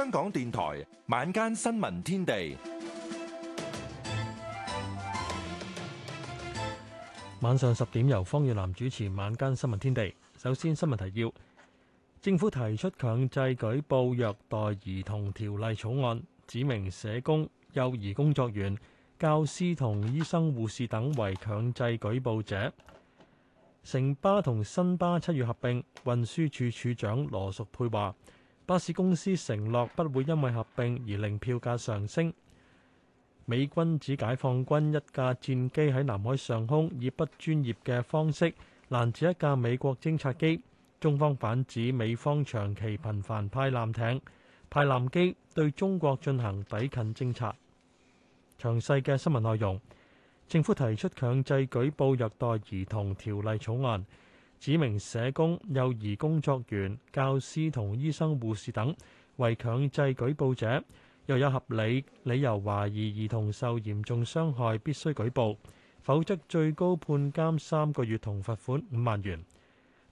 香港電台晚間新聞天地，晚上十點由方遠南主持《晚間新聞天地》。首先新聞提要：政府提出強制舉報虐待兒童條例草案，指明社工、幼兒工作員、教師同醫生、護士等為強制舉報者。城巴同新巴七月合併，運輸署署長羅淑佩話。巴士公司承諾不會因為合併而令票價上升。美軍指解放軍一架戰機喺南海上空以不專業嘅方式攔截一架美國偵察機，中方反指美方長期頻繁派艦艇、派艦機對中國進行抵近偵察。詳細嘅新聞內容，政府提出強制舉報虐待兒童條例草案，指明社工、幼兒工作員、教師同醫生、護士等為強制舉報者，又有合理理由懷疑兒童受嚴重傷害，必須舉報，否則最高判監三個月同罰款五萬元。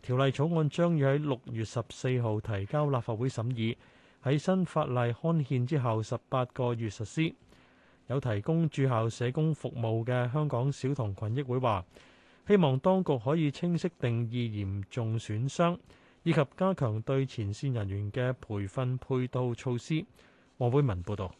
條例草案將要喺六月十四號提交立法會審議，喺新法例刊憲之後十八個月實施。有提供駐校社工服務嘅香港小童群益會話：希望當局可以清晰定義嚴重損傷，以及加強對前線人員嘅培訓配套措施。黃惠文報道。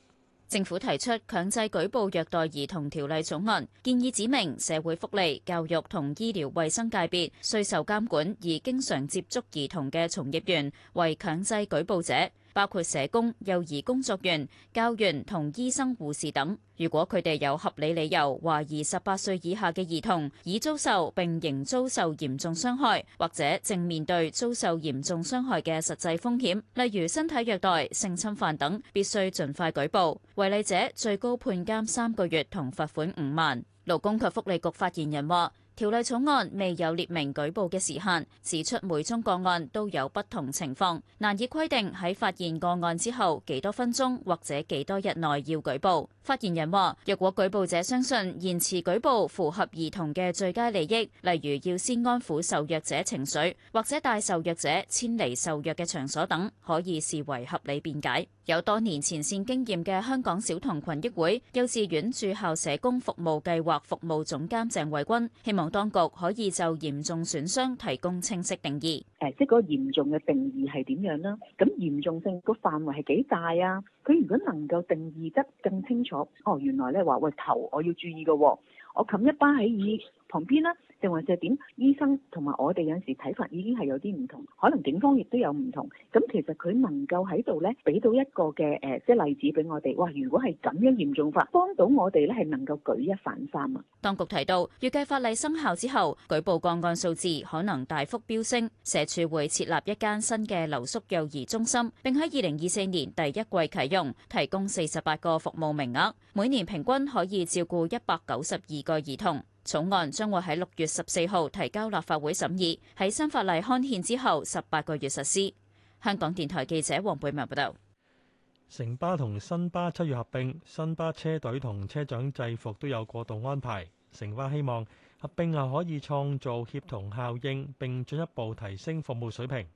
政府提出強制舉報虐待兒童條例草案，建議指明社會福利、教育同醫療衛生界別需受監管而經常接觸兒童嘅從業員為強制舉報者。包括社工、幼兒工作員、教員同醫生、護士等。如果佢哋有合理理由懷疑十八歲以下嘅兒童已遭受並仍遭受嚴重傷害，或者正面對遭受嚴重傷害嘅實際風險，例如身體虐待、性侵犯等，必須盡快舉報。違例者最高判監三個月同罰款五萬。勞工及福利局發言人話：條例草案未有列明舉報嘅時限，指出每宗個案都有不同情況，難以規定喺發現個案之後幾多分鐘或者幾多日內要舉報。發言人話：若果舉報者相信延遲舉報符合兒童嘅最佳利益，例如要先安撫受虐者情緒，或者帶受虐者遷離受虐嘅場所等，可以視為合理辯解。有多年前線經驗嘅香港小童群益會幼稚園駐校社工服務計劃服務總監鄭慧君希望當局可以就嚴重損傷提供清晰定義。誒，即係嗰個嚴重嘅定義係點樣呢？咁嚴重性個範圍係幾大啊？佢如果能夠定義得更清楚，哦，原來咧話，喂頭我要注意嘅、哦，我冚一巴喺耳旁邊啦。定或者係點？醫生同埋我哋有陣時睇法已經係有啲唔同，可能警方亦都有唔同。咁其實佢能夠喺度呢，俾到一個嘅誒，即、呃、例子俾我哋。哇！如果係咁樣嚴重法，幫到我哋呢係能夠舉一反三啊！當局提到，預計法例生效之後，舉報個案數字可能大幅飆升。社署會設立一間新嘅留宿幼兒中心，並喺二零二四年第一季啟用，提供四十八個服務名額，每年平均可以照顧一百九十二個兒童。草案將會喺六月十四號提交立法會審議，喺新法例刊憲之後十八個月實施。香港電台記者黃貝文報道。城巴同新巴七月合併，新巴車隊同車長制服都有過渡安排。城巴希望合併後可以創造協同效應，並進一步提升服務水平。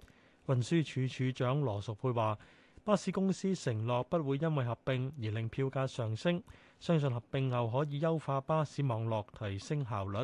運輸署署長羅淑佩話：巴士公司承諾不會因為合併而令票價上升。相信合併後可以優化巴士網絡，提升效率。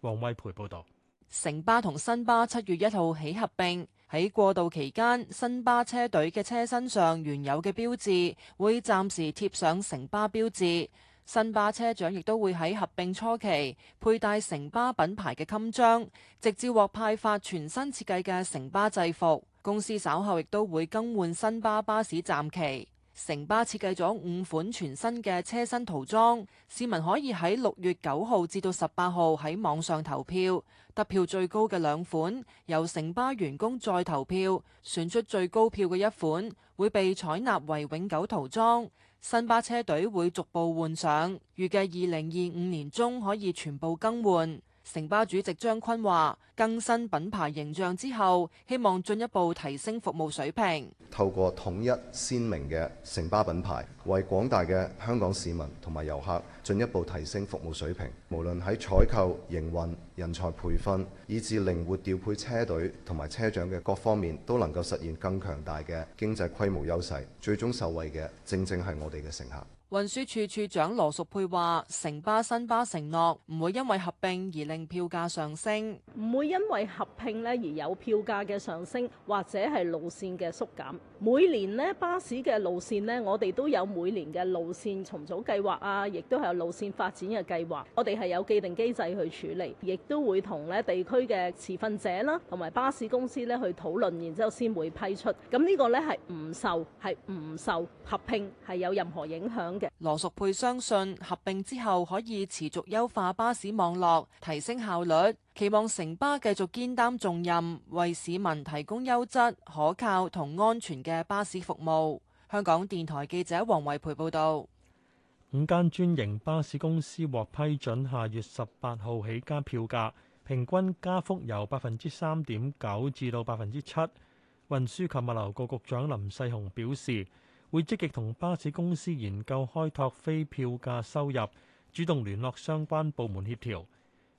黃威培報導：城巴同新巴七月一號起合併，喺過渡期間，新巴車隊嘅車身上原有嘅標誌會暫時貼上城巴標誌，新巴車長亦都會喺合併初期佩戴城巴品牌嘅襟章，直至獲派發全新設計嘅城巴制服。公司稍後亦都會更換新巴巴士站旗。城巴設計咗五款全新嘅車身塗裝，市民可以喺六月九號至到十八號喺網上投票，得票最高嘅兩款由城巴員工再投票選出最高票嘅一款會被採納為永久塗裝，新巴車隊會逐步換上，預計二零二五年中可以全部更換。城巴主席張坤話，更新品牌形象之後，希望進一步提升服務水平。透過統一鮮明嘅城巴品牌，為廣大嘅香港市民同埋遊客進一步提升服務水平。無論喺採購、營運、人才培訓，以至靈活調配車隊同埋車長嘅各方面，都能夠實現更強大嘅經濟規模優勢。最終受惠嘅，正正係我哋嘅乘客。運輸處處長羅淑佩話：城巴、新巴承諾唔會因為合併而令票價上升，唔會因為合併咧而有票價嘅上升或者係路綫嘅縮減。每年咧巴士嘅路線咧，我哋都有每年嘅路線重組計劃啊，亦都係有路線發展嘅計劃。我哋係有既定機制去處理，亦都會同咧地區嘅持份者啦，同埋巴士公司咧去討論，然之後先會批出。咁、嗯這個、呢個咧係唔受係唔受合併係有任何影響嘅。羅淑佩相信合併之後可以持續優化巴士網絡，提升效率。期望城巴繼續肩擔重任，為市民提供優質、可靠同安全嘅巴士服務。香港電台記者黃惠培報道，五間專營巴士公司獲批准，下月十八號起加票價，平均加幅由百分之三點九至到百分之七。運輸及物流局局長林世雄表示，會積極同巴士公司研究開拓非票價收入，主動聯絡相關部門協調。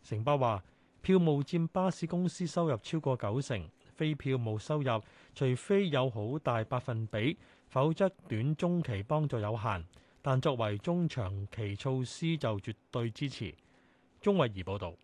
城巴話。票務佔巴士公司收入超過九成，非票務收入除非有好大百分比，否則短中期幫助有限。但作為中長期措施，就絕對支持。鍾慧儀報導。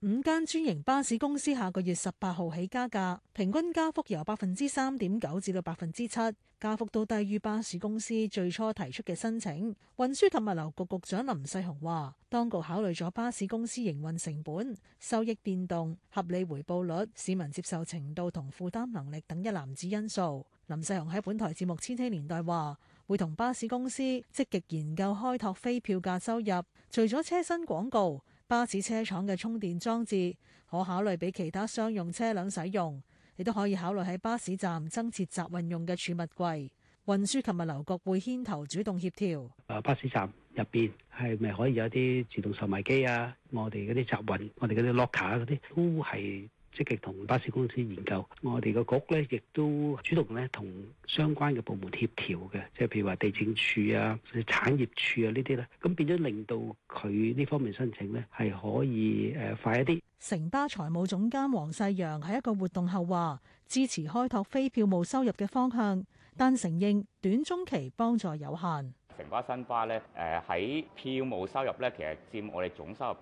五間專營巴士公司下個月十八號起加價，平均加幅由百分之三點九至到百分之七，加幅都低於巴士公司最初提出嘅申請。運輸及物流局局長林世雄話，當局考慮咗巴士公司營運成本、收益變動、合理回報率、市民接受程度同負擔能力等一籃子因素。林世雄喺本台節目《千禧年代》話，會同巴士公司積極研究開拓非票價收入，除咗車身廣告。巴士車廠嘅充電裝置可考慮俾其他商用車輛使用，亦都可以考慮喺巴士站增設集運用嘅儲物櫃。運輸及物流局會牽頭主動協調。巴士站入邊係咪可以有啲自動售賣機啊？我哋嗰啲集運，我哋嗰啲 l o c k e、er、嗰啲都係。積極同巴士公司研究，我哋個局咧亦都主動咧同相關嘅部門協調嘅，即係譬如話地政處啊、或者產業處啊呢啲咧，咁變咗令到佢呢方面申請咧係可以誒快一啲。城巴財務總監黃世陽喺一個活動後話，支持開拓非票務收入嘅方向，但承認短中期幫助有限。城巴新巴咧，誒喺票務收入咧，其實佔我哋總收入，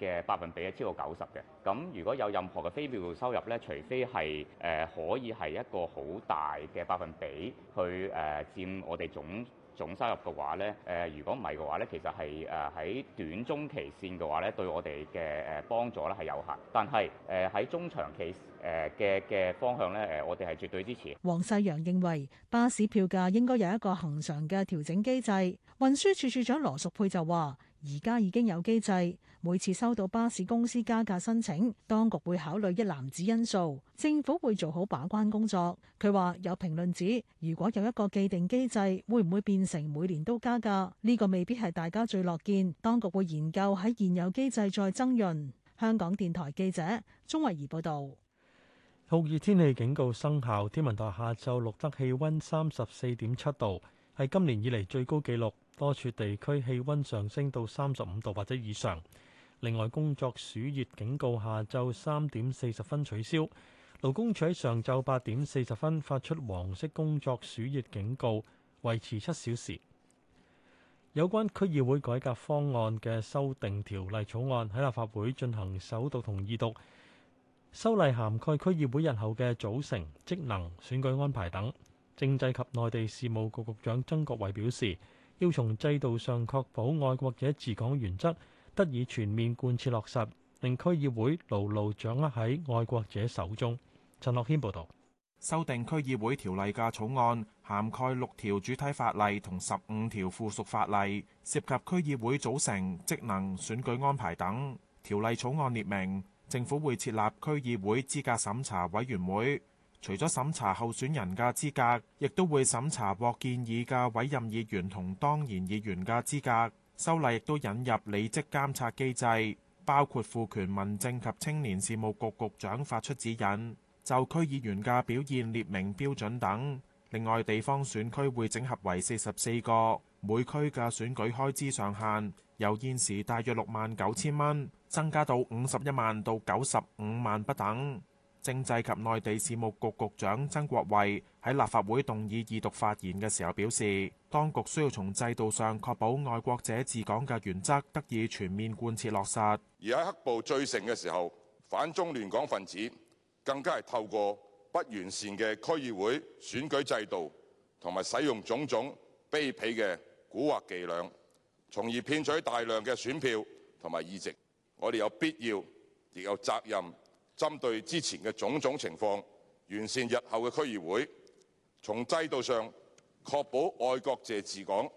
誒嘅百分比係超過九十嘅，咁如果有任何嘅非票收入咧，除非係誒可以係一個好大嘅百分比，去誒佔我哋總總收入嘅話咧，誒如果唔係嘅話咧，其實，係誒喺短中期綫嘅話咧，對我哋嘅誒幫助咧係有限。但係誒喺中長期誒嘅嘅方向咧，誒我哋係絕對支持。黃世陽認為巴士票價應該有一個恆常嘅調整機制。運輸處處長羅淑佩就話。而家已經有機制，每次收到巴士公司加價申請，當局會考慮一籃子因素。政府會做好把關工作。佢話有評論指，如果有一個既定機制，會唔會變成每年都加價？呢個未必係大家最樂見。當局會研究喺現有機制再增潤。香港電台記者鍾慧儀報道。酷熱天氣警告生效，天文台下晝錄得氣温三十四點七度，係今年以嚟最高紀錄。多處地區氣温上升到三十五度或者以上。另外，工作暑熱警告下晝三點四十分取消。勞工處喺上晝八點四十分發出黃色工作暑熱警告，維持七小時。有關區議會改革方案嘅修訂條例草案喺立法會進行首讀同二讀。修例涵蓋區議會日後嘅組成、職能、選舉安排等。政制及內地事務局局長曾國衛表示。要從制度上確保愛國者治港原則得以全面貫徹落實，令區議會牢牢掌握喺愛國者手中。陳樂軒報導。修訂區議會條例嘅草案涵蓋六條主體法例同十五條附屬法例，涉及區議會組成、職能、選舉安排等。條例草案列明，政府會設立區議會資格審查委員會。除咗審查候選人嘅資格，亦都會審查獲建議嘅委任議員同當然議員嘅資格。修例亦都引入履職監察機制，包括賦權民政及青年事務局局長發出指引，就區議員嘅表現列明標準等。另外，地方選區會整合為四十四個，每區嘅選舉開支上限由現時大約六萬九千蚊增加到五十一萬到九十五萬不等。政制及內地事務局局長曾國衛喺立法會動議二讀發言嘅時候表示，當局需要從制度上確保愛國者治港嘅原則得以全面貫徹落實。而喺黑暴最盛嘅時候，反中亂港分子更加係透過不完善嘅區議會選舉制度同埋使用種種卑鄙嘅蠱惑伎倆，從而騙取大量嘅選票同埋議席。我哋有必要亦有責任。針對之前嘅種種情況，完善日後嘅區議會，從制度上確保愛國者治港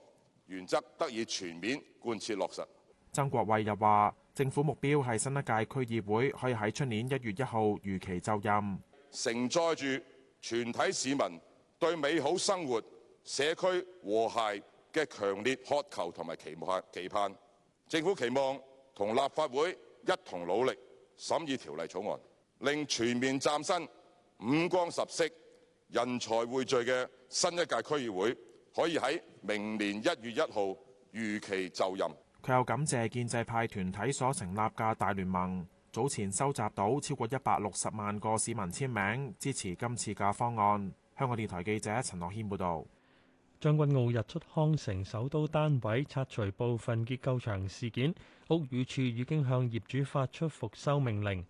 原則得以全面貫徹落實。曾國衛又話，政府目標係新一屆區議會可以喺出年一月一號如期就任，承載住全體市民對美好生活、社區和諧嘅強烈渴求同埋期望期盼。政府期望同立法會一同努力審議條例草案，令全面嶄新、五光十色、人才匯聚嘅新一屆區議會，可以喺明年一月一號如期就任。佢又感謝建制派團體所成立嘅大聯盟，早前收集到超過一百六十萬個市民簽名支持今次嘅方案。香港電台記者陳樂軒報導。將軍澳日出康城首都單位拆除部分結構牆事件，屋宇署已經向業主發出復修命令。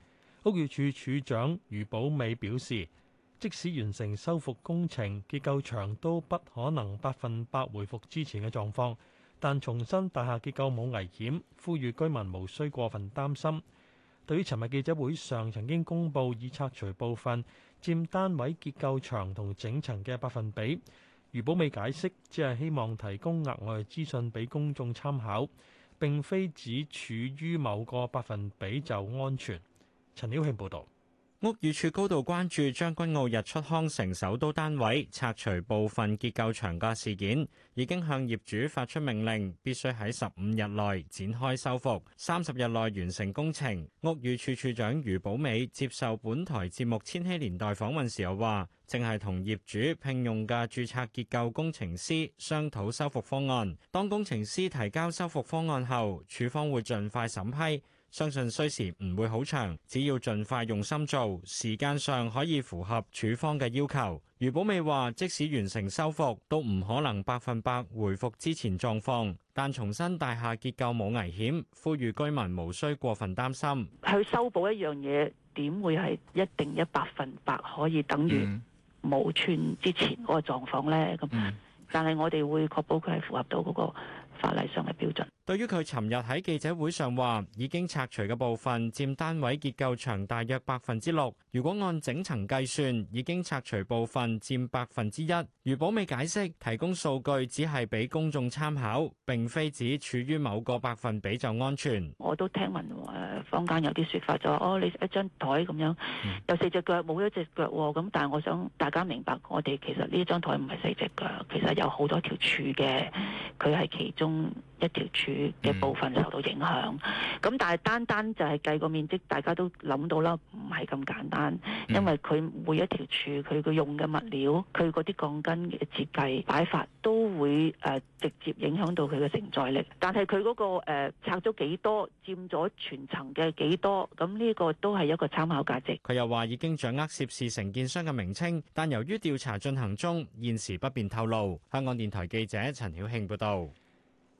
屋宇署署長余寶美表示，即使完成修復工程，結構牆都不可能百分百回復之前嘅狀況，但重申大廈結構冇危險，呼籲居民無需過分擔心。對於尋日記者會上曾經公布已拆除部分佔單位結構牆同整層嘅百分比。余寶美解釋，只係希望提供額外資訊俾公眾參考，並非只處於某個百分比就安全。陳曉慶報導。屋宇署高度關注將軍澳日出康城首都單位拆除部分結構牆架事件，已經向業主發出命令，必須喺十五日內展開修復，三十日內完成工程。屋宇署署長余寶美接受本台節目《千禧年代》訪問時又話，正係同業主聘用嘅註冊結構工程師商討修復方案。當工程師提交修復方案後，署方會盡快審批。相信需時唔會好長，只要盡快用心做，時間上可以符合處方嘅要求。余寶美話，即使完成修復，都唔可能百分百回復之前狀況，但重新大廈結構冇危險，呼籲居民無需過分擔心。去修補一樣嘢，點會係一定一百分百可以等於冇穿之前嗰個狀況咧？咁，但係我哋會確保佢係符合到嗰個法例上嘅標準。對於佢尋日喺記者會上話已經拆除嘅部分佔單位結構長大約百分之六，如果按整層計算已經拆除部分佔百分之一。余寶美解釋提供數據只係俾公眾參考，並非指處於某個百分比就安全。我都聽聞誒坊間有啲説法說，就話哦，你一張台咁樣有四隻腳，冇一隻腳喎。咁但係我想大家明白，我哋其實呢張台唔係四隻腳，其實有好多條柱嘅，佢係其中。一條柱嘅部分受到影響，咁、嗯、但係單單就係計個面積，大家都諗到啦，唔係咁簡單，嗯、因為佢每一條柱佢嘅用嘅物料，佢嗰啲鋼筋嘅設計擺法都會誒、呃、直接影響到佢嘅承載力。但係佢嗰個、呃、拆咗幾多，佔咗全層嘅幾多，咁、這、呢個都係一個參考價值。佢又話已經掌握涉事承建商嘅名稱，但由於調查進行中，現時不便透露。香港電台記者陳曉慶報道。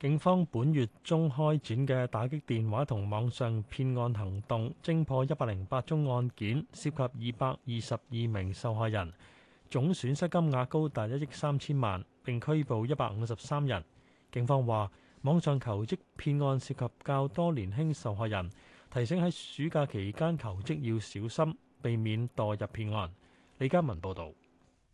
警方本月中開展嘅打擊電話同網上騙案行動偵破一百零八宗案件，涉及二百二十二名受害人，總損失金額高達一億三千萬，並拘捕一百五十三人。警方話，網上求職騙案涉及較多年輕受害人，提醒喺暑假期間求職要小心，避免墮入騙案。李嘉文報道。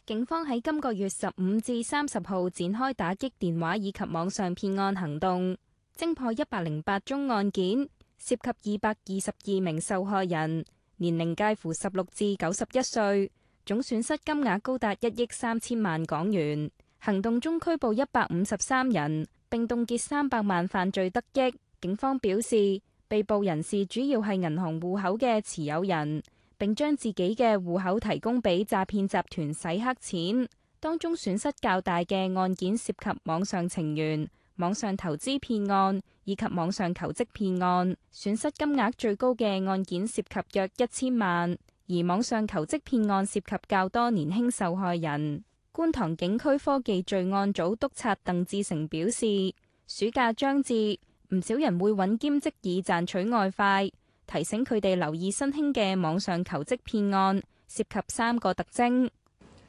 警方喺今個月十五至三十號展開打擊電話以及網上騙案行動，偵破一百零八宗案件，涉及二百二十二名受害人，年齡介乎十六至九十一歲，總損失金額高達一億三千萬港元。行動中拘捕一百五十三人，並凍結三百萬犯罪得益。警方表示，被捕人士主要係銀行戶口嘅持有人。並將自己嘅戶口提供俾詐騙集團洗黑錢，當中損失較大嘅案件涉及網上情緣、網上投資騙案以及網上求職騙案，損失金額最高嘅案件涉及約一千萬，而網上求職騙案涉及較多年輕受害人。觀塘警區科技罪案組督察鄧志成表示，暑假將至，唔少人會揾兼職以賺取外快。提醒佢哋留意新興嘅網上求職騙案，涉及三個特徵。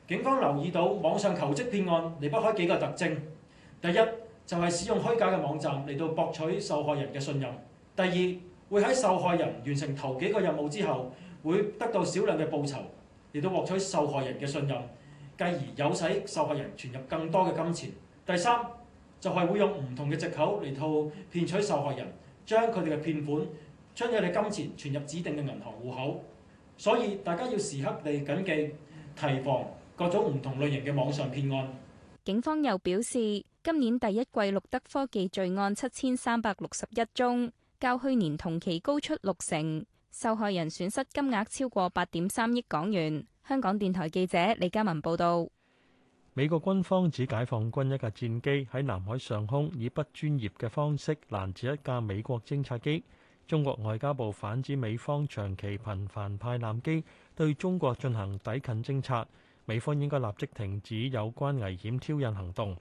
警方留意到網上求職騙案離不開幾個特徵。第一就係使用虛假嘅網站嚟到博取受害人嘅信任。第二會喺受害人完成頭幾個任務之後，會得到少量嘅報酬嚟到獲取受害人嘅信任，繼而誘使受害人存入更多嘅金錢。第三就係會用唔同嘅借口嚟套騙取受害人，將佢哋嘅騙款。將你哋金錢存入指定嘅銀行戶口，所以大家要時刻嚟緊記提防各種唔同類型嘅網上騙案。警方又表示，今年第一季錄得科技罪案七千三百六十一宗，較去年同期高出六成，受害人損失金額超過八點三億港元。香港電台記者李嘉文報導。美國軍方指，解放軍一架戰機喺南海上空以不專業嘅方式攔截一架美國偵察機。中國外交部反指美方長期頻繁派艦機對中國進行抵近偵察，美方應該立即停止有關危險挑釁行動。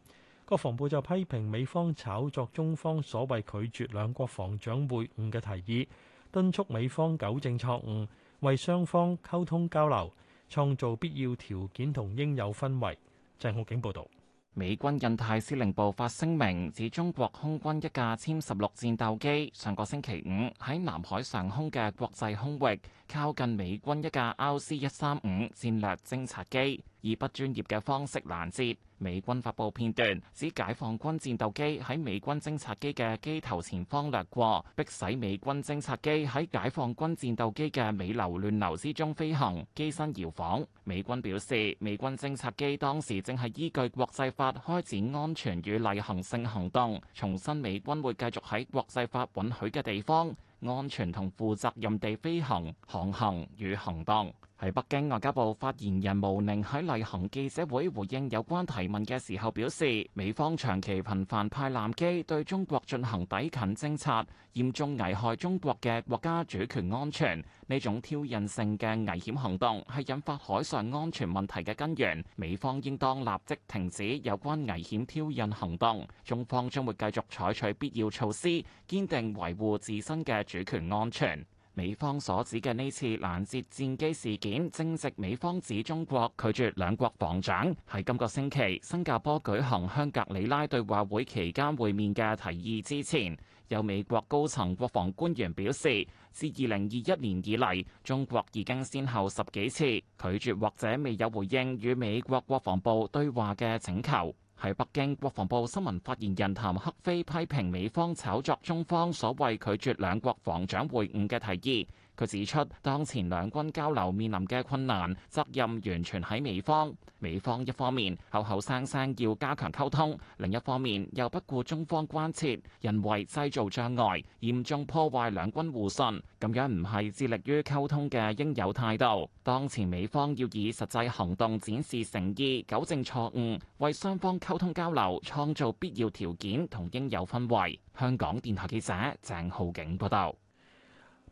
國防部就批評美方炒作中方所謂拒絕兩國防長會晤嘅提議，敦促美方糾正錯誤，為雙方溝通交流創造必要條件同應有氛圍。鄭浩景報導。美軍印太司令部發聲明指，中國空軍一架殲十六戰鬥機上個星期五喺南海上空嘅國際空域，靠近美軍一架 R C 一三五戰略偵察機。以不專業嘅方式攔截，美軍發布片段指解放軍戰鬥機喺美軍偵察機嘅機頭前方掠過，迫使美軍偵察機喺解放軍戰鬥機嘅尾流亂流之中飛行，機身搖晃。美軍表示，美軍偵察機當時正係依據國際法開展安全與例行性行動，重申美軍會繼續喺國際法允許嘅地方，安全同負責任地飛行、航行與行動。喺北京外交部發言人毛寧喺例行記者會回應有關提問嘅時候表示，美方長期頻繁派艦機對中國進行抵近偵察，嚴重危害中國嘅國家主權安全。呢種挑釁性嘅危險行動，係引發海上安全問題嘅根源，美方應當立即停止有關危險挑釁行動，中方將會繼續採取必要措施，堅定維護自身嘅主權安全。美方所指嘅呢次攔截戰機事件，正值美方指中國拒絕兩國防長，喺今個星期新加坡舉行香格里拉對話會期間會面嘅提議之前，有美國高層國防官員表示，自二零二一年以嚟，中國已經先後十幾次拒絕或者未有回應與美國國防部對話嘅請求。喺北京，國防部新聞發言人譚克非批評美方炒作中方所謂拒絕兩國防長會晤嘅提議。佢指出，當前兩軍交流面臨嘅困難，責任完全喺美方。美方一方面口口聲聲要加強溝通，另一方面又不顧中方關切，人為製造障礙，嚴重破壞兩軍互信。咁樣唔係致力於溝通嘅應有態度。當前美方要以實際行動展示誠意，糾正錯誤，為雙方溝通交流創造必要條件同應有氛圍。香港電台記者鄭浩景報道。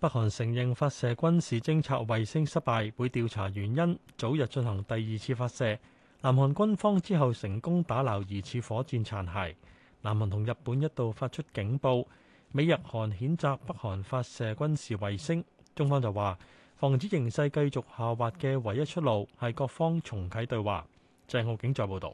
北韓承認發射軍事偵察衛星失敗，會調查原因，早日進行第二次發射。南韓軍方之後成功打撈疑似火箭殘骸。南韓同日本一度發出警報，美日韓譴責北韓發射軍事衛星。中方就話，防止形勢繼續下滑嘅唯一出路係各方重啟對話。鄭浩景再報道。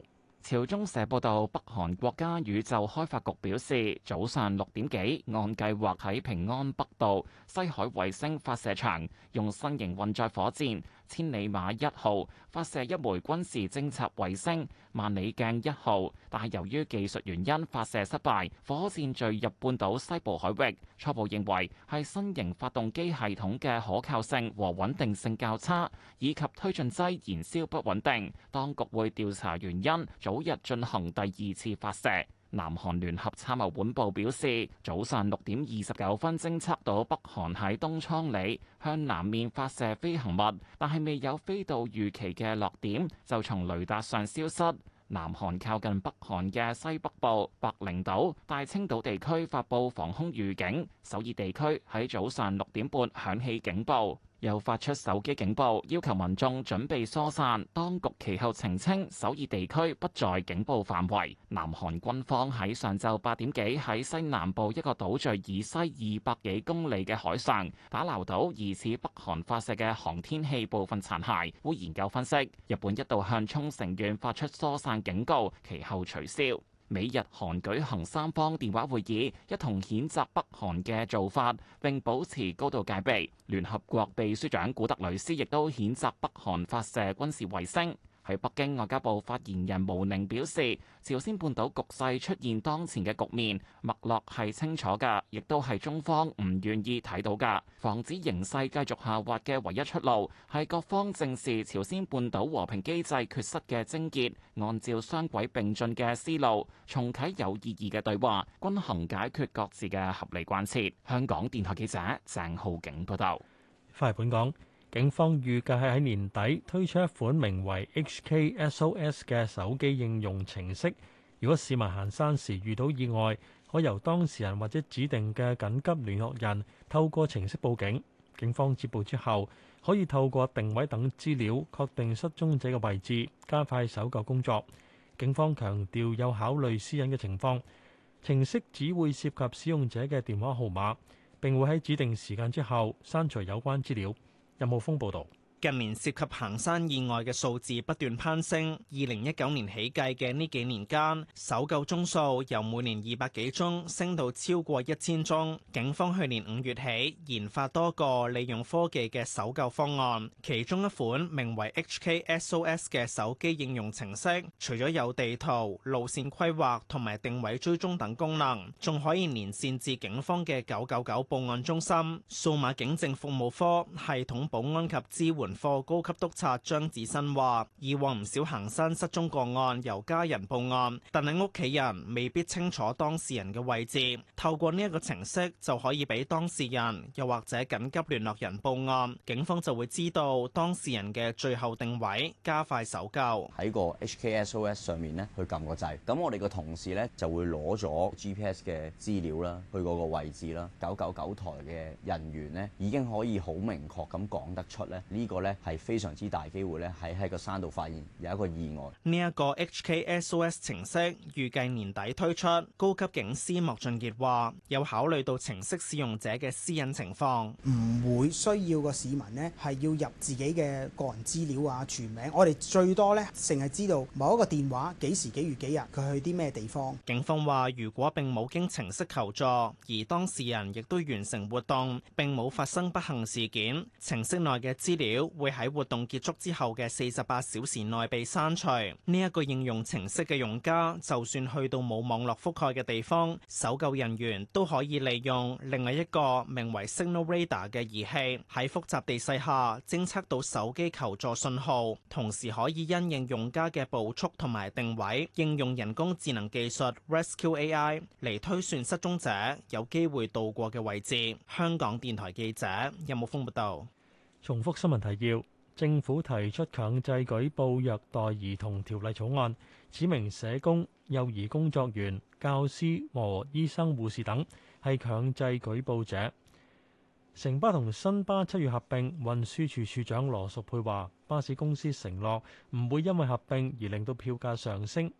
朝中社報道，北韓國家宇宙開發局表示，早上六點幾，按計劃喺平安北道西海衛星發射場用新型運載火箭，千里馬一號發射一枚軍事偵察衛星，萬里鏡一號，但係由於技術原因發射失敗，火箭墜入半島西部海域。初步認為係新型發動機系統嘅可靠性和穩定性較差，以及推進劑燃燒不穩定。當局會調查原因，早日進行第二次發射。南韓聯合參謀本部表示，早上六點二十九分偵測到北韓喺東倉里向南面發射飛行物，但係未有飛到預期嘅落點，就從雷達上消失。南韓靠近北韓嘅西北部白翎島、大青島地區發佈防空預警，首爾地區喺早上六點半響起警報。又發出手機警報，要求民眾準備疏散。當局其後澄清，首爾地區不在警報範圍。南韓軍方喺上晝八點幾喺西南部一個島嶼以西二百幾公里嘅海上打撈到疑似北韓發射嘅航天器部分殘骸，會研究分析。日本一度向沖繩縣發出疏散警告，其後取消。美日韓舉行三方電話會議，一同譴責北韓嘅做法，並保持高度戒備。聯合國秘書長古特雷斯亦都譴責北韓發射軍事衛星。喺北京外交部發言人毛寧表示，朝鮮半島局勢出現當前嘅局面，脈絡係清楚噶，亦都係中方唔願意睇到噶，防止形勢繼續下滑嘅唯一出路，係各方正視朝鮮半島和平機制缺失嘅症結，按照雙軌並進嘅思路，重啟有意義嘅對話，均衡解決各自嘅合理關切。香港電台記者鄭浩景報道。翻嚟本港。警方預計係喺年底推出一款名為 HKSOS 嘅手機應用程式。如果市民行山時遇到意外，可由當事人或者指定嘅緊急聯絡人透過程式報警。警方接報之後，可以透過定位等資料確定失蹤者嘅位置，加快搜救工作。警方強調有考慮私隱嘅情況，程式只會涉及使用者嘅電話號碼，並會喺指定時間之後刪除有關資料。任浩峰報道。近年涉及行山意外嘅數字不斷攀升，二零一九年起計嘅呢幾年間，搜救宗數由每年二百幾宗升到超過一千宗。警方去年五月起研發多個利用科技嘅搜救方案，其中一款名為 HKSOS 嘅手機應用程式，除咗有地圖、路線規劃同埋定位追蹤等功能，仲可以連線至警方嘅九九九報案中心、數碼警政服務科、系統保安及支援。貨高級督察張智新話，以往唔少行山失蹤個案由家人報案，但係屋企人未必清楚當事人嘅位置。透過呢一個程式，就可以俾當事人又或者緊急聯絡人報案，警方就會知道當事人嘅最後定位，加快搜救。喺個 HKSOS 上面咧，去撳個掣，咁我哋嘅同事咧就會攞咗 GPS 嘅資料啦，去嗰個位置啦。九九九台嘅人員咧，已經可以好明確咁講得出咧呢個。咧係非常之大機會咧，喺喺個山度發現有一個意外。呢一個 HKSOS 程式預計年底推出。高級警司莫俊傑話：有考慮到程式使用者嘅私隱情況，唔會需要個市民咧係要入自己嘅個人資料啊、全名。我哋最多咧，淨係知道某一個電話幾時幾月幾日佢去啲咩地方。警方話：如果並冇經程式求助，而當事人亦都完成活動，並冇發生不幸事件，程式內嘅資料，會喺活動結束之後嘅四十八小時內被刪除。呢、這、一個應用程式嘅用家，就算去到冇網絡覆蓋嘅地方，搜救人員都可以利用另外一個名為 Signal Radar 嘅儀器喺複雜地勢下偵測到手機求助信號，同時可以因應用家嘅步速同埋定位，應用人工智能技術 Rescue AI 嚟推算失蹤者有機會到過嘅位置。香港電台記者任慕峰報道。重複新聞提要：政府提出強制舉報虐待兒童條例草案，指明社工、幼兒工作員、教師和醫生、護士等係強制舉報者。城巴同新巴七月合併，運輸署署長羅淑佩話：巴士公司承諾唔會因為合併而令到票價上升。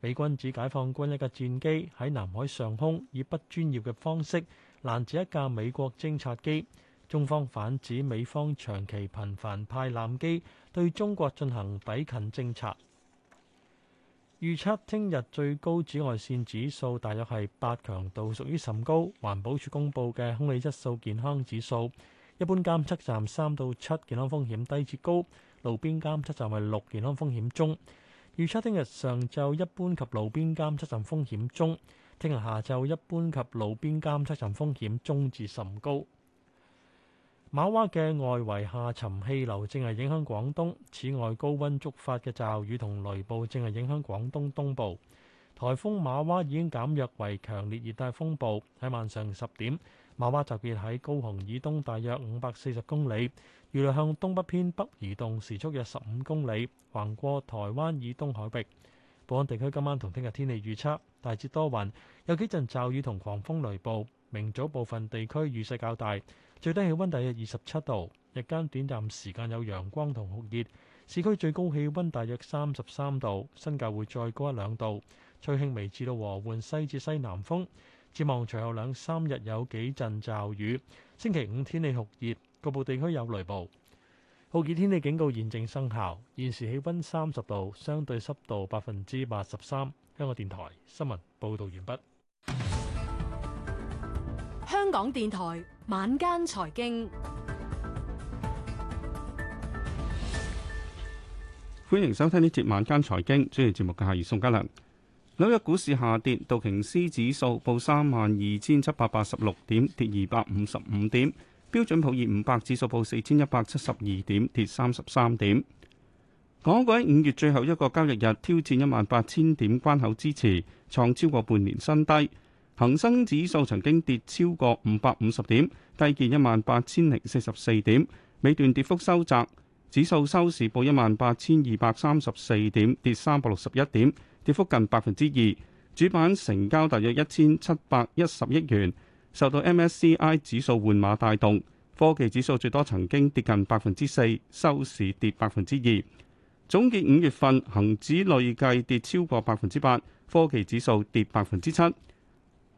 美軍指解放軍一架戰機喺南海上空以不專業嘅方式攔截一架美國偵察機。中方反指美方長期頻繁派艦機對中國進行抵近偵察。預測聽日最高紫外線指數大約係八強度，屬於甚高。環保署公佈嘅空氣質素健康指數一般監測站三到七，健康風險低至高；路邊監測站為六，健康風險中。預測聽日上晝一般及路邊監測站風險中，聽日下晝一般及路邊監測站風險中至甚高。馬娃嘅外圍下沉氣流正係影響廣東，此外高溫觸發嘅驟雨同雷暴正係影響廣東東部。颱風馬娃已經減弱為強烈熱帶風暴。喺晚上十點，馬娃集結喺高雄以東大約五百四十公里，預料向東北偏北移動，時速約十五公里，橫過台灣以東海域。本港地區今晚同聽日天氣預測大致多雲，有幾陣驟雨同狂風雷暴，明早部分地區雨勢較大。最低氣温大約二十七度，日間短暫時間有陽光同酷熱，市區最高氣温大約三十三度，新界會再高一兩度。吹輕微至到和緩西至西南風，展望隨後兩三日有幾陣驟雨。星期五天氣酷熱，局部地區有雷暴。酷熱天氣警告現正生效。現時氣温三十度，相對濕度百分之八十三。香港電台新聞報導完畢。香港電台晚間財經，歡迎收聽呢節晚間財經，主持節目嘅係宋嘉良。紐約股市下跌，道瓊斯指數報三萬二千七百八十六點，跌二百五十五點；標準普爾五百指數報四千一百七十二點，跌三十三點。港股喺五月最後一個交易日挑戰一萬八千點關口支持，創超過半年新低。恒生指數曾經跌超過五百五十點，低見一萬八千零四十四點。尾段跌幅收窄，指數收市報一萬八千二百三十四點，跌三百六十一點，跌幅近百分之二。主板成交大約一千七百一十億元，受到 MSCI 指數換馬帶動，科技指數最多曾經跌近百分之四，收市跌百分之二。總結五月份，恒指累計跌超過百分之八，科技指數跌百分之七。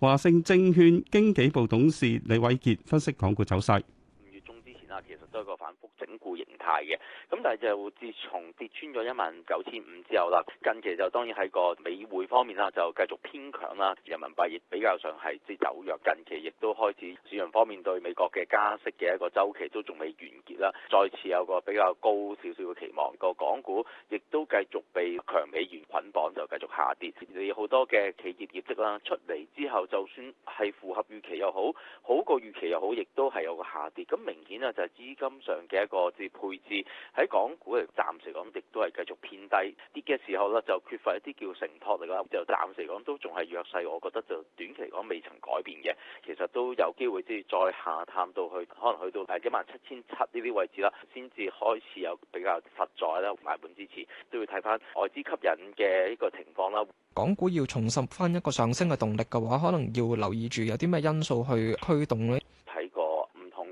華盛證券經紀部董事李偉杰分析港股走勢。五月中之前啊，其實都係個反覆。整固形態嘅，咁但係就自從跌穿咗一萬九千五之後啦，近期就當然喺個美匯方面啦，就繼續偏強啦。人民幣亦比較上係即走弱，近期亦都開始市場方面對美國嘅加息嘅一個週期都仲未完結啦，再次有個比較高少少嘅期望。個港股亦都繼續被強美元捆綁，就繼續下跌。你好多嘅企業業績啦出嚟之後，就算係符合預期又好，好過預期又好，亦都係有個下跌。咁明顯啊，就係資金上嘅一個即配置喺港股嚟，暫時講亦都係繼續偏低跌嘅時候咧，就缺乏一啲叫承托力啦。就暫時講都仲係弱勢，我覺得就短期嚟講未曾改變嘅，其實都有機會即係再下探到去，可能去到一萬七千七呢啲位置啦，先至開始有比較實在咧買盤支持，都要睇翻外資吸引嘅呢個情況啦。港股要重拾翻一個上升嘅動力嘅話，可能要留意住有啲咩因素去驅動呢。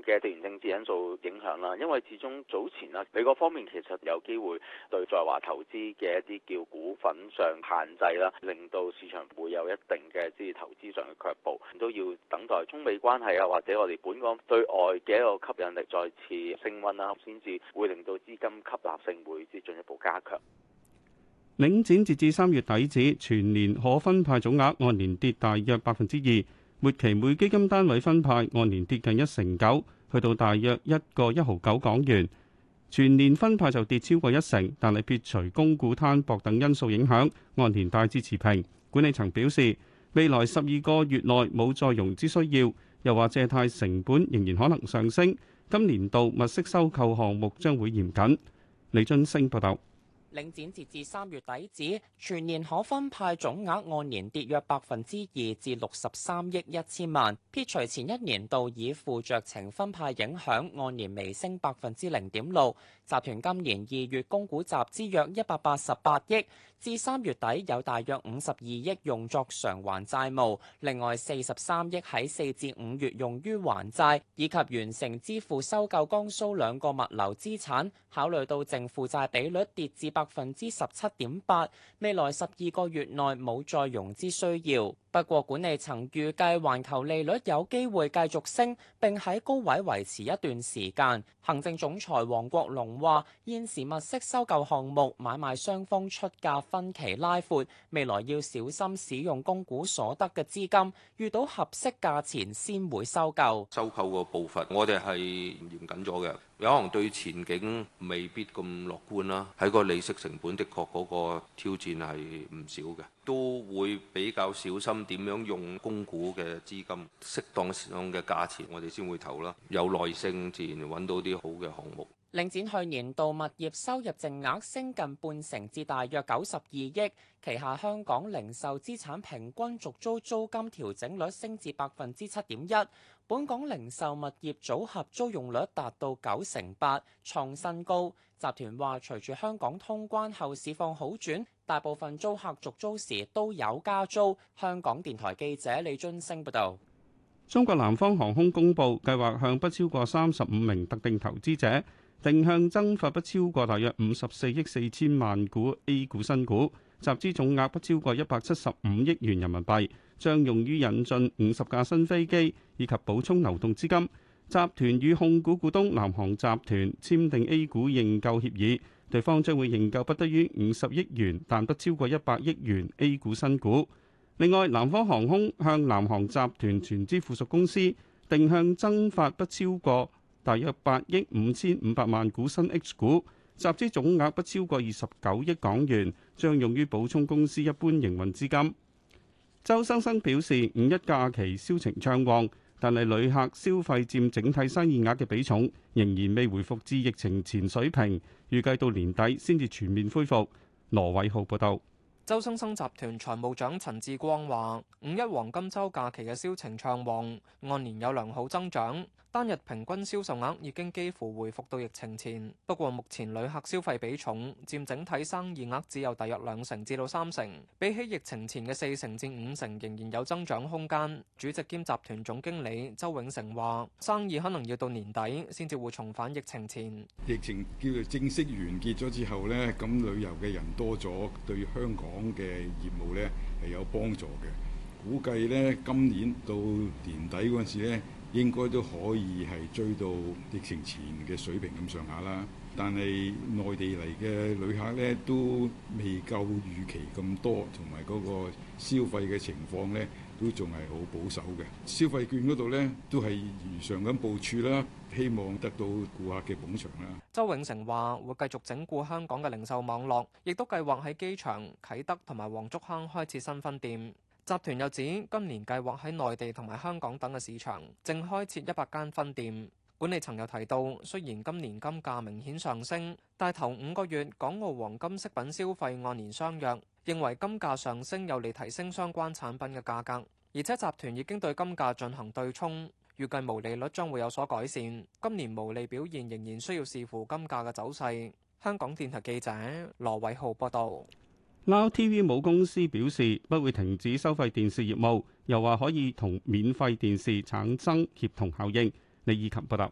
嘅地緣政治因素影響啦，因為始終早前啦，美國方面其實有機會對在華投資嘅一啲叫股份上限制啦，令到市場會有一定嘅即係投資上嘅卻步，都要等待中美關係啊，或者我哋本港對外嘅一個吸引力再次升溫啦，先至會令到資金吸納性會即進一步加強。領展截至三月底止，全年可分派總額按年跌大約百分之二，末期每基金單位分派按年跌近一成九。去到大約一個一毫九港元，全年分派就跌超過一成，但係撇除供股攤薄等因素影響，按年大致持平。管理層表示，未來十二個月內冇再融資需要，又話借貸成本仍然可能上升。今年度物色收購項目將會嚴謹，李俊升報道。領展截至三月底止，全年可分派總額按年跌約百分之二至六十三億一千萬，撇除前一年度已付酌情分派影響，按年微升百分之零點六。集團今年二月供股集資約一百八十八億，至三月底有大約五十二億用作償還債務，另外四十三億喺四至五月用於還債，以及完成支付收購江蘇兩個物流資產。考慮到淨負債比率跌至百分之十七點八，未來十二個月內冇再融資需要。不過，管理層預計環球利率有機會繼續升，並喺高位維持一段時間。行政總裁黃國龍話，現時物色收購項目，買賣雙方出價分歧拉闊，未來要小心使用供股所得嘅資金，遇到合適價錢先會收購。收購個步伐，我哋係嚴謹咗嘅。有可能對前景未必咁樂觀啦，喺個利息成本的確嗰個挑戰係唔少嘅，都會比較小心點樣用供股嘅資金，適當嘅價錢，我哋先會投啦，有耐性自然揾到啲好嘅項目。領展去年度物業收入淨額升近半成至大約九十二億，旗下香港零售資產平均續租租金調整率升至百分之七點一，本港零售物業組合租用率達到九成八，創新高。集團話，隨住香港通關後市況好轉，大部分租客續租時都有加租。香港電台記者李津升報道。中國南方航空公布計劃向不超過三十五名特定投資者定向增發不超過大約五十四億四千萬股 A 股新股，集資總額不超過一百七十五億元人民幣，將用於引進五十架新飛機以及補充流動資金。集團與控股股東南航集團簽訂 A 股認購協議，對方將會認購不低於五十億元，但不超過一百億元 A 股新股。另外，南方航空向南航集團全資附屬公司定向增發不超過大約八億五千五百萬股新 H 股，集資總額不超過二十九億港元，將用於補充公司一般營運資金。周生生表示，五一假期銷情暢旺，但係旅客消費佔整體生意額嘅比重仍然未回復至疫情前水平，預計到年底先至全面恢復。羅偉浩報道。周生生集團財務長陳志光話：五一黃金周假期嘅銷情暢旺，按年有良好增長，單日平均銷售額已經幾乎回復到疫情前。不過目前旅客消費比重佔整體生意額只有大約兩成至到三成，比起疫情前嘅四成至五成，仍然有增長空間。主席兼集團總經理周永成話：生意可能要到年底先至會重返疫情前。疫情叫做正式完結咗之後呢，咁旅遊嘅人多咗，對香港嘅業務呢係有幫助嘅，估計呢，今年到年底嗰陣時呢，應該都可以係追到疫情前嘅水平咁上下啦。但係內地嚟嘅旅客呢，都未夠預期咁多，同埋嗰個消費嘅情況呢，都仲係好保守嘅。消費券嗰度呢，都係如常咁部署啦。希望得到顧客嘅捧場啦。周永成話：會繼續整固香港嘅零售網絡，亦都計劃喺機場、啟德同埋黃竹坑開設新分店。集團又指今年計劃喺內地同埋香港等嘅市場，正開設一百間分店。管理層又提到，雖然今年金價明顯上升，但係頭五個月港澳黃金飾品消費按年相若，認為金價上升有利提升相關產品嘅價格，而且集團已經對金價進行對沖。預計毛利率將會有所改善，今年毛利表現仍然需要視乎金價嘅走勢。香港電台記者羅偉浩報道。now TV 母公司表示不會停止收費電視業務，又話可以同免費電視產生協同效應。李以琴報道。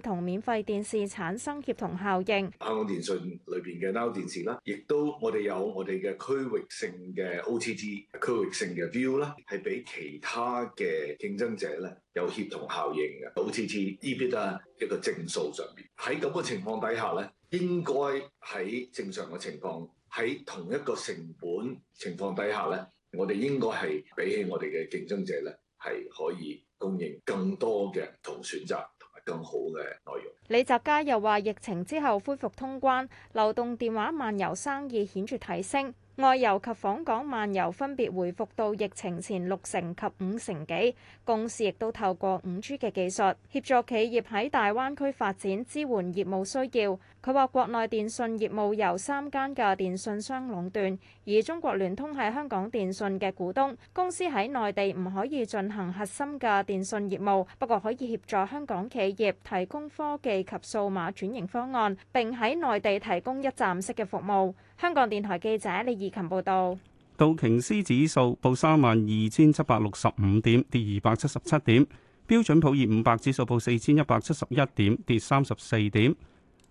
同免費電視產生協同效應，香港電信裏邊嘅 Now 電視啦，亦都我哋有我哋嘅區域性嘅 OTT，區域性嘅 View 啦，係比其他嘅競爭者咧有協同效應嘅 OTT EBITDA 啊一個正數上邊。喺咁嘅情況底下咧，應該喺正常嘅情況喺同一個成本情況底下咧，我哋應該係比起我哋嘅競爭者咧係可以供應更多嘅同選擇。更好嘅內容。李澤楷又話：疫情之後恢復通關，流動電話漫遊生意顯著提升。外遊及訪港漫遊分別回復到疫情前六成及五成幾，公司亦都透過 5G 嘅技術協助企業喺大灣區發展支援業務需要。佢話：國內電訊業務由三間嘅電訊商壟斷，而中國聯通係香港電訊嘅股東，公司喺內地唔可以進行核心嘅電訊業務，不過可以協助香港企業提供科技及數碼轉型方案，並喺內地提供一站式嘅服務。香港電台記者李怡勤報道，道瓊斯指數報三萬二千七百六十五點，跌二百七十七點；標準普爾五百指數報四千一百七十一點，跌三十四點；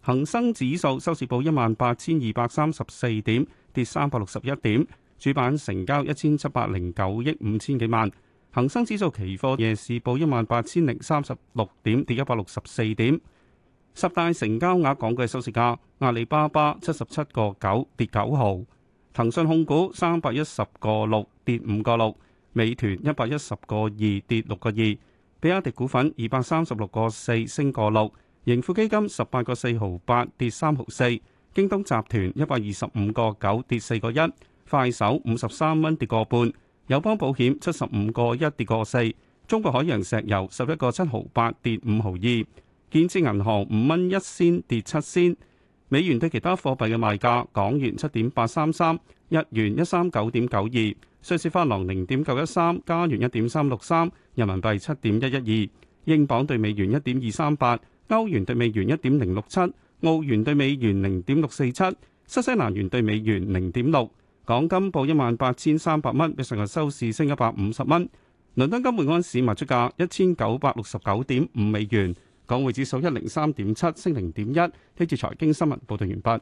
恒生指數收市報一萬八千二百三十四點，跌三百六十一點；主板成交一千七百零九億五千幾萬；恒生指數期貨夜市報一萬八千零三十六點，跌一百六十四點。十大成交額港股嘅收市價：阿里巴巴七十七個九跌九毫；騰訊控股三百一十個六跌五個六；美團一百一十個二跌六個二；比亞迪股份二百三十六個四升個六；盈富基金十八個四毫八跌三毫四；京東集團一百二十五個九跌四個一；快手五十三蚊跌個半；友邦保險七十五個一跌個四；中國海洋石油十一個七毫八跌五毫二。建設銀行五蚊一仙跌七仙。美元對其他貨幣嘅賣價：港元七點八三三，日元一三九點九二，瑞士法郎零點九一三，加元一點三六三，人民幣七點一一二，英鎊對美元一點二三八，歐元對美元一點零六七，澳元對美元零點六四七，新西蘭元對美元零點六。港金報一萬八千三百蚊，比上日收市升一百五十蚊。倫敦金每安士賣出價一千九百六十九點五美元。港匯指數一零三點七，升零點一。呢次財經新聞報道完畢。